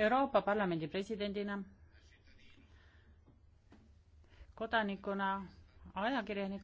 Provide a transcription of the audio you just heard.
Euroopa Parlamendi presidendina, kodanikuna, ajakirjanikuna